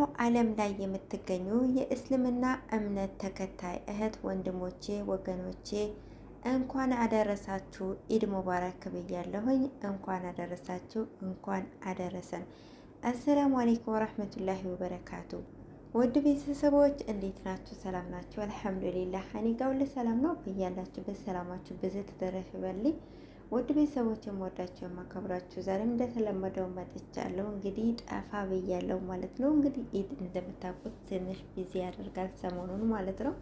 በመላው ዓለም ላይ የምትገኙ የእስልምና እምነት ተከታይ እህት ወንድሞቼ፣ ወገኖቼ እንኳን አደረሳችሁ። ኢድ ሙባረክ ብያለሁኝ። እንኳን አደረሳችሁ፣ እንኳን አደረሰን። አሰላሙ አሌይኩም ወረህመቱላሂ ወበረካቱ። ውድ ቤተሰቦች እንዴት ናችሁ? ሰላም ናችሁ? አልሐምዱሊላህ እኔ ጋር ሁሉ ሰላም ነው። ብያላችሁ በሰላማችሁ ብዝት ተደረፍ በልኝ። ውድ ቤተሰቦች የምወዳቸው የማከብራችሁ ዛሬም እንደተለመደው መጥቻለሁ። እንግዲህ ጠፋ ብያለሁ ማለት ነው። እንግዲህ ኢድ እንደምታውቁት ትንሽ ቢዚ ያደርጋል ሰሞኑን ማለት ነው።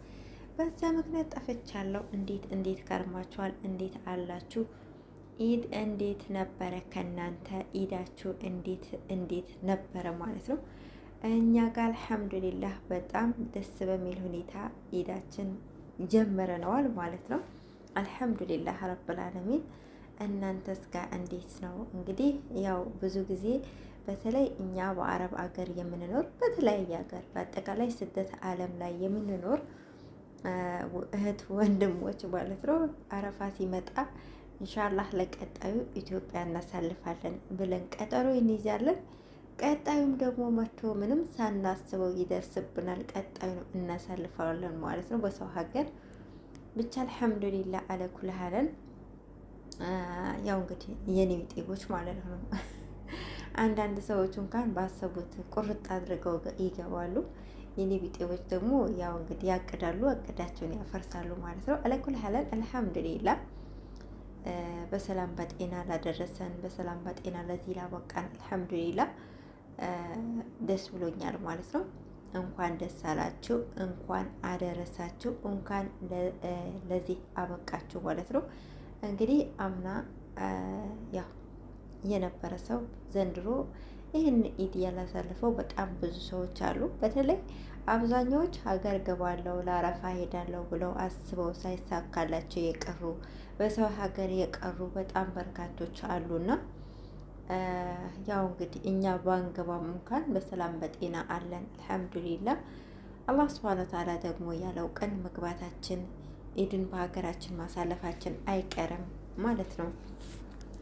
በዛ ምክንያት ጠፍቻለሁ። እንዴት እንዴት ከርማችኋል? እንዴት አላችሁ? ኢድ እንዴት ነበረ? ከእናንተ ኢዳችሁ እንዴት እንዴት ነበረ ማለት ነው። እኛ ጋር አልሐምዱሊላህ በጣም ደስ በሚል ሁኔታ ኢዳችን ጀምረነዋል ማለት ነው። አልሐምዱሊላህ ረብልዓለሚን እናንተስ ጋር እንዴት ነው? እንግዲህ ያው ብዙ ጊዜ በተለይ እኛ በአረብ አገር የምንኖር በተለያየ ሀገር በአጠቃላይ ስደት ዓለም ላይ የምንኖር እህት ወንድሞች ማለት ነው አረፋ ሲመጣ እንሻላህ ለቀጣዩ ኢትዮጵያ እናሳልፋለን ብለን ቀጠሮ እንይዛለን። ቀጣዩም ደግሞ መጥቶ ምንም ሳናስበው ይደርስብናል። ቀጣዩ እናሳልፋለን ማለት ነው በሰው ሀገር ብቻ አልሐምዱሊላ አለኩልሃለን ያው እንግዲህ የኔ ጤጎች ማለት ነው። አንዳንድ ሰዎች እንኳን ባሰቡት ቁርጥ አድርገው ይገባሉ። የኔ ቢጤዎች ደግሞ ያው እንግዲህ ያቅዳሉ፣ እቅዳቸውን ያፈርሳሉ ማለት ነው። አለኩል ሀላል አልሐምዱሊላ። በሰላም በጤና ላደረሰን፣ በሰላም በጤና ለዚህ ላበቃን አልሐምዱሊላ ደስ ብሎኛል ማለት ነው። እንኳን ደስ አላችሁ፣ እንኳን አደረሳችሁ፣ እንኳን ለዚህ አበቃችሁ ማለት ነው። እንግዲህ አምና ያው የነበረ ሰው ዘንድሮ ይህን ኢድ ያላሳልፈው በጣም ብዙ ሰዎች አሉ። በተለይ አብዛኛዎች ሀገር ገባለው ለአረፋ ሄዳለው ብለው አስበው ሳይሳካላቸው የቀሩ በሰው ሀገር የቀሩ በጣም በርካቶች አሉና ያው እንግዲህ እኛ ባንገባም እንኳን በሰላም በጤና አለን አልሐምዱሊላ። አላህ ስብሃነ ወተዓላ ደግሞ ያለው ቀን መግባታችን ኢድን በሀገራችን ማሳለፋችን አይቀርም ማለት ነው።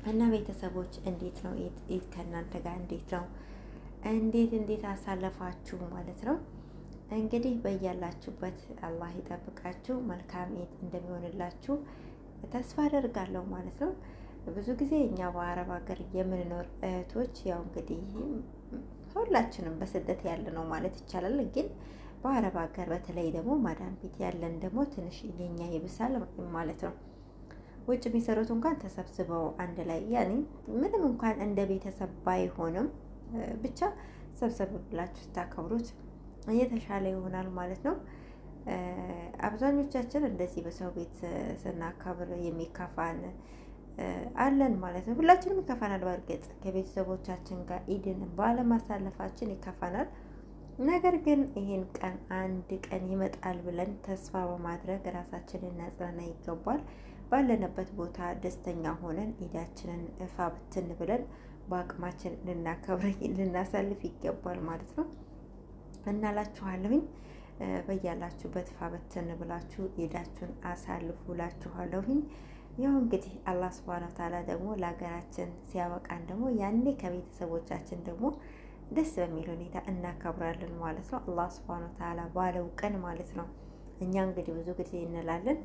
እና ቤተሰቦች እንዴት ነው ኢድ ከእናንተ ጋር እንዴት ነው? እንዴት እንዴት አሳለፋችሁ ማለት ነው። እንግዲህ በያላችሁበት አላህ ይጠብቃችሁ። መልካም ኢድ እንደሚሆንላችሁ ተስፋ አደርጋለሁ ማለት ነው። ብዙ ጊዜ እኛ በአረብ ሀገር የምንኖር እህቶች ያው እንግዲህ ሁላችንም በስደት ያለ ነው ማለት ይቻላል ግን በአረብ ሀገር በተለይ ደግሞ ማዳም ቤት ያለን ደግሞ ትንሽ የኛ ይብሳል ማለት ነው። ውጭ የሚሰሩት እንኳን ተሰብስበው አንድ ላይ ያኔ ምንም እንኳን እንደ ቤተሰብ ባይሆንም ብቻ ሰብሰብ ብላችሁ ስታከብሩት እየተሻለ ይሆናል ማለት ነው። አብዛኞቻችን እንደዚህ በሰው ቤት ስናከብር የሚከፋን አለን ማለት ነው። ሁላችንም ይከፋናል። በእርግጥ ከቤተሰቦቻችን ጋር ኢድን ባለማሳለፋችን ይከፋናል። ነገር ግን ይህን ቀን አንድ ቀን ይመጣል ብለን ተስፋ በማድረግ ራሳችንን ነጽረና ይገባል። ባለንበት ቦታ ደስተኛ ሆነን ኢዳችንን እፋ ብትን ብለን በአቅማችን ልናከብረ ልናሳልፍ ይገባል ማለት ነው። እናላችኋለሁኝ በያላችሁበት እፋ ብትን ብላችሁ ኢዳችሁን አሳልፉ ላችኋለሁኝ። ያው እንግዲህ አላህ ስብሃነ ወተዓላ ደግሞ ለሀገራችን ሲያበቃን ደግሞ ያኔ ከቤተሰቦቻችን ደግሞ ደስ በሚል ሁኔታ እናከብራለን ማለት ነው። አላህ ስብሃነሁ ወተዓላ ባለው ቀን ማለት ነው። እኛ እንግዲህ ብዙ ጊዜ እንላለን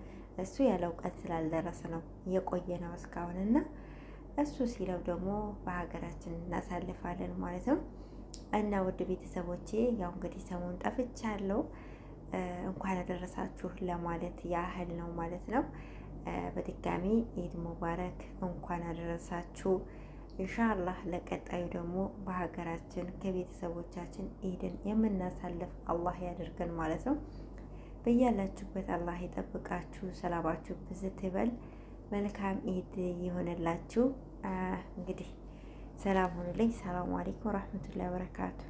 እሱ ያለው ቀን ስላልደረሰ ነው የቆየ ነው እስካሁን እና እሱ ሲለው ደግሞ በሀገራችን እናሳልፋለን ማለት ነው። እና ውድ ቤተሰቦቼ ያው እንግዲህ ሰሞን ጠፍቻለሁ እንኳን አደረሳችሁ ለማለት ያህል ነው ማለት ነው። በድጋሚ ኢድ ሙባረክ እንኳን አደረሳችሁ። ኢንሻአላህ ለቀጣዩ ደግሞ በሀገራችን ከቤተሰቦቻችን ኢድን የምናሳልፍ አላህ ያደርገን ማለት ነው። በያላችሁበት አላህ ይጠብቃችሁ፣ ሰላማችሁ ብዝት ይበል። መልካም ኢድ ይሆንላችሁ። እንግዲህ ሰላም ሆኑልኝ። ሰላሙ አለይኩም ወራህመቱላሂ ወበረካቱ